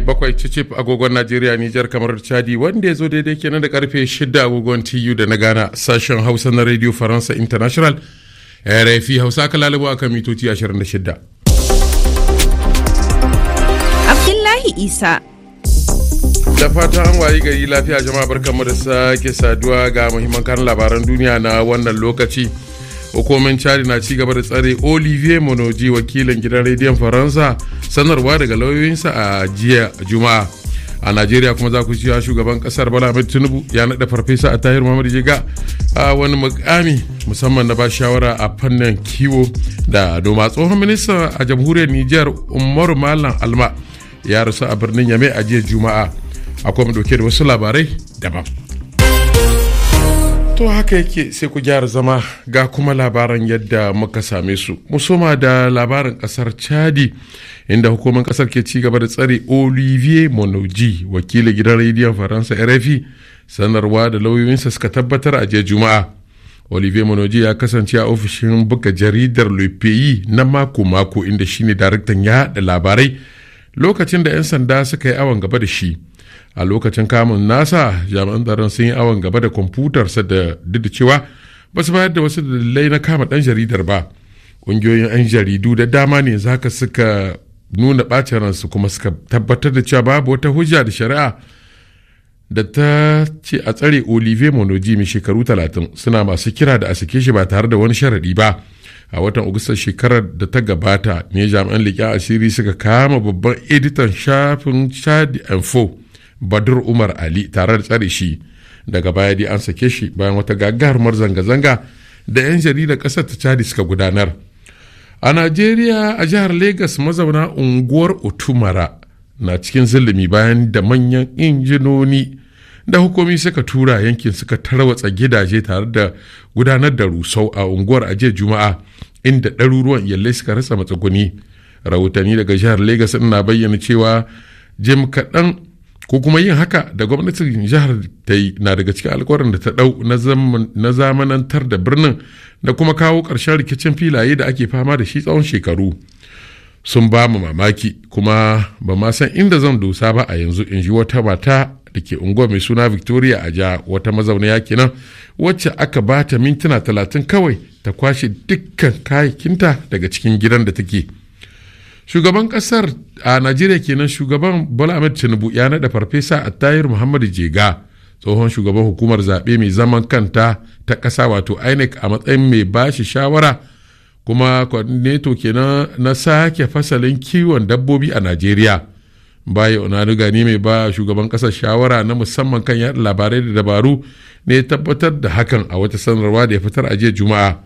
karfe 7 cicif agogon Najeriya Nijar kamar Chadi wanda ya zo daidai kenan da karfe 6 agogon TU da na Ghana sashen Hausa na Radio Faransa International RFI Hausa aka lalabo akan mitoci 26. Abdullahi Isa da fatan an wayi gari lafiya jama'a barkanmu da sake saduwa ga muhimman kan labaran duniya na wannan lokaci. hukumomin Cari na ci gaba da tsare olivier monoji wakilin gidan rediyon faransa sanarwa daga lauyoyinsa a jiya juma'a a najeriya kuma za ku ciwa shugaban kasar bala ahmed tinubu ya naɗa farfesa a tahir muhammad jiga a wani mukami musamman na ba shawara a fannin kiwo da noma tsohon minista a jamhuriyar nijar umaru malam alma ya rasu a birnin yame a jiya juma'a akwai mu dauke da wasu labarai daban To haka yake sai ku gyara zama ga kuma labaran yadda muka same su. Musoma da labarin kasar Chadi inda hukumar kasar ke ci gaba da tsare Olivier Monoji wakilin gidan rediyon Faransa RFI sanarwa da lauyoyinsa suka tabbatar a jiya Juma'a. Olivier Monoji ya kasance a ofishin buga jaridar lupeyi na mako-mako inda shine daraktan ya labarai lokacin da 'yan sanda suka yi awon gaba da shi. a lokacin kamun nasa jami'an tsaron sun yi awon gaba da kwamfutarsa da duk cewa ba su bayar da wasu dalilai na kama ɗan jaridar ba ƙungiyoyin 'yan jaridu da dama ne za zaka suka nuna ɓacin ransu kuma suka tabbatar da cewa babu wata hujja da shari'a da ta ce a tsare olivier monoji mai shekaru talatin suna masu kira da a sake shi ba tare da wani sharaɗi ba a watan agusta shekarar da ta gabata ne jami'an liƙa asiri suka kama babban editan shafin chad info badur umar ali tare da tsare shi daga baya dai an sake shi bayan wata gagarumar zanga-zanga da 'yan jaridar kasar ta chadi suka gudanar a najeriya a jihar lagos mazauna unguwar otumara na cikin zulumi bayan da manyan injinoni da hukumi suka tura yankin suka tarwatsa gidaje tare da gudanar da rusau a unguwar ajiya juma'a inda ɗaruruwan yalle suka rasa matsuguni rahotanni daga jihar lagos na bayyana cewa jim kaɗan ko kuma yin haka da gwamnatin jihar ta yi na daga cikin alkawarin da ta ɗau na zamanantar da birnin da kuma kawo ƙarshen rikicin filaye da ake fama da shi tsawon shekaru sun ba mu mamaki kuma ba ma san inda zan dosa ba a yanzu in ji wata mata da ke unguwa mai suna victoria a ja wata mazauniya kenan wacce aka ba ta mintuna talatin kawai ta kwashe dukkan kayakinta daga cikin gidan da take shugaban kasar a najeriya kenan shugaban bola ahmed tinubu ya naɗa farfesa a Tayar muhammadu jega tsohon shugaban hukumar zaɓe mai zaman kanta ta ƙasa wato inec a matsayin mai bashi shawara kuma neto kenan na sake fasalin kiwon dabbobi a najeriya na riga ni mai ba shugaban ƙasar shawara na musamman kan yaɗa labarai da dabaru ne tabbatar da hakan a wata sanarwa da ya fitar a jiya juma'a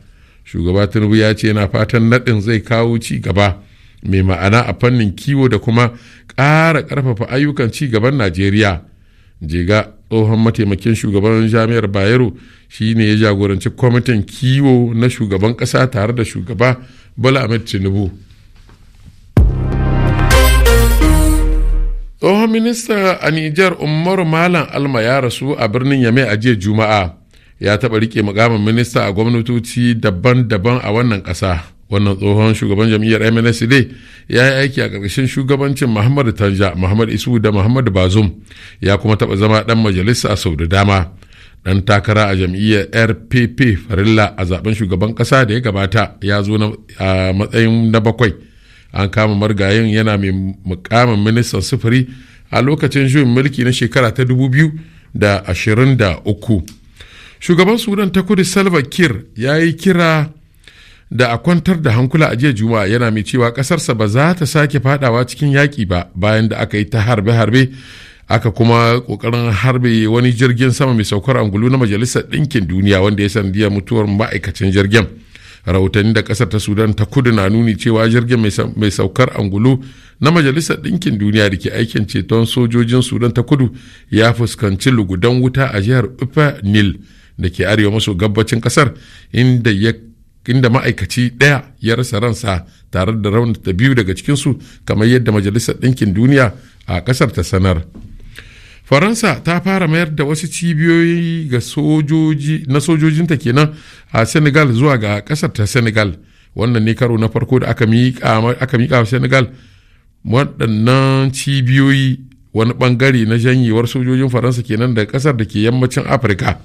shugaba tinubu ya ce yana fatan naɗin zai kawo ci gaba mai ma'ana a fannin kiwo da kuma ƙara ƙarfafa ayyukan ci gaban najeriya jega tsohon mataimakin shugaban jami'ar bayero shine ya jagoranci kwamitin kiwo na shugaban ƙasa tare da shugaba bola ahmed tinubu tsohon minista a nijar umaru malam alma ya rasu a birnin yame a jiya juma'a ya taɓa riƙe mukamin minista a gwamnatoci daban-daban a wannan ƙasa wannan tsohon shugaban jam'iyyar mls dai ya yi aiki a ƙarƙashin shugabancin muhammadu tanja muhammad isu da muhammadu bazum ya kuma taɓa zama ɗan majalisa a sau da dama ɗan takara a jam'iyyar rpp farilla a zaben shugaban ƙasa da ya gabata ya zo a matsayin na bakwai an kama margayin yana mai mukamin ministan sufuri a lokacin juyin mulki na shekara ta 2023 shugaban sudan ta kudu salva kir ya yi kira da a kwantar da hankula a jiya juma'a yana mai cewa kasarsa ba za ta sake fadawa cikin yaƙi ba bayan da aka yi ta harbe-harbe aka kuma kokarin harbe wani jirgin sama mai saukar angulu na majalisar ɗinkin duniya wanda ya sanadiyar mutuwar ma'aikacin jirgin rahotanni da kasar ta sudan ta kudu na nuni cewa jirgin mai saukar angulu na majalisar ɗinkin duniya da ke aikin ceton sojojin sudan ta kudu ya fuskanci lugudan wuta a jihar upper nil da ke arewa maso gabacin kasar inda ya inda ma'aikaci ɗaya ya rasa ransa tare da raunata biyu daga cikinsu kamar yadda majalisar ɗinkin duniya a ƙasar ta sanar faransa ta fara mayar da wasu cibiyoyi ga sojoji na sojojinta kenan a senegal zuwa ga ƙasar ta senegal wannan ne karo na farko da aka miƙa wa senegal waɗannan cibiyoyi wani ɓangare na janyewar sojojin faransa kenan da ƙasar da ke yammacin afirka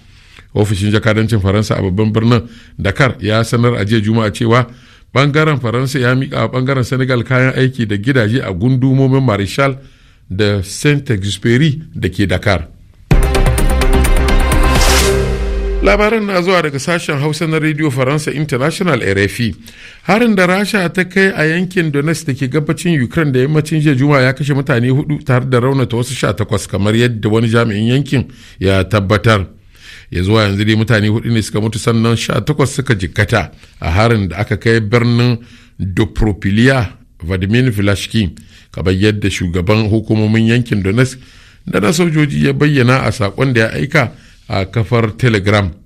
ofishin jakadancin faransa a babban birnin dakar ya sanar a jiya juma'a cewa bangaren faransa ya mika wa bangaren senegal kayan aiki da gidaje a gundumomin marshal da saint-exupéry da ke dakar labaran na zuwa daga sashen hausa na radio faransa international rfi harin da rasha ta kai a yankin donetsk da ke gabacin ukraine da yammacin jiya juma ya kashe mutane hudu tare da raunata wasu sha takwas kamar yadda wani jami'in yankin ya tabbatar ya zuwa yanzu dai mutane hudu ne suka mutu sannan sha takwas suka jikkata a harin da aka kai birnin dopropilia vladimir vilashkin kamar yadda shugaban hukumomin yankin donetsk da na sojoji ya bayyana a saƙon da ya aika a kafar telegram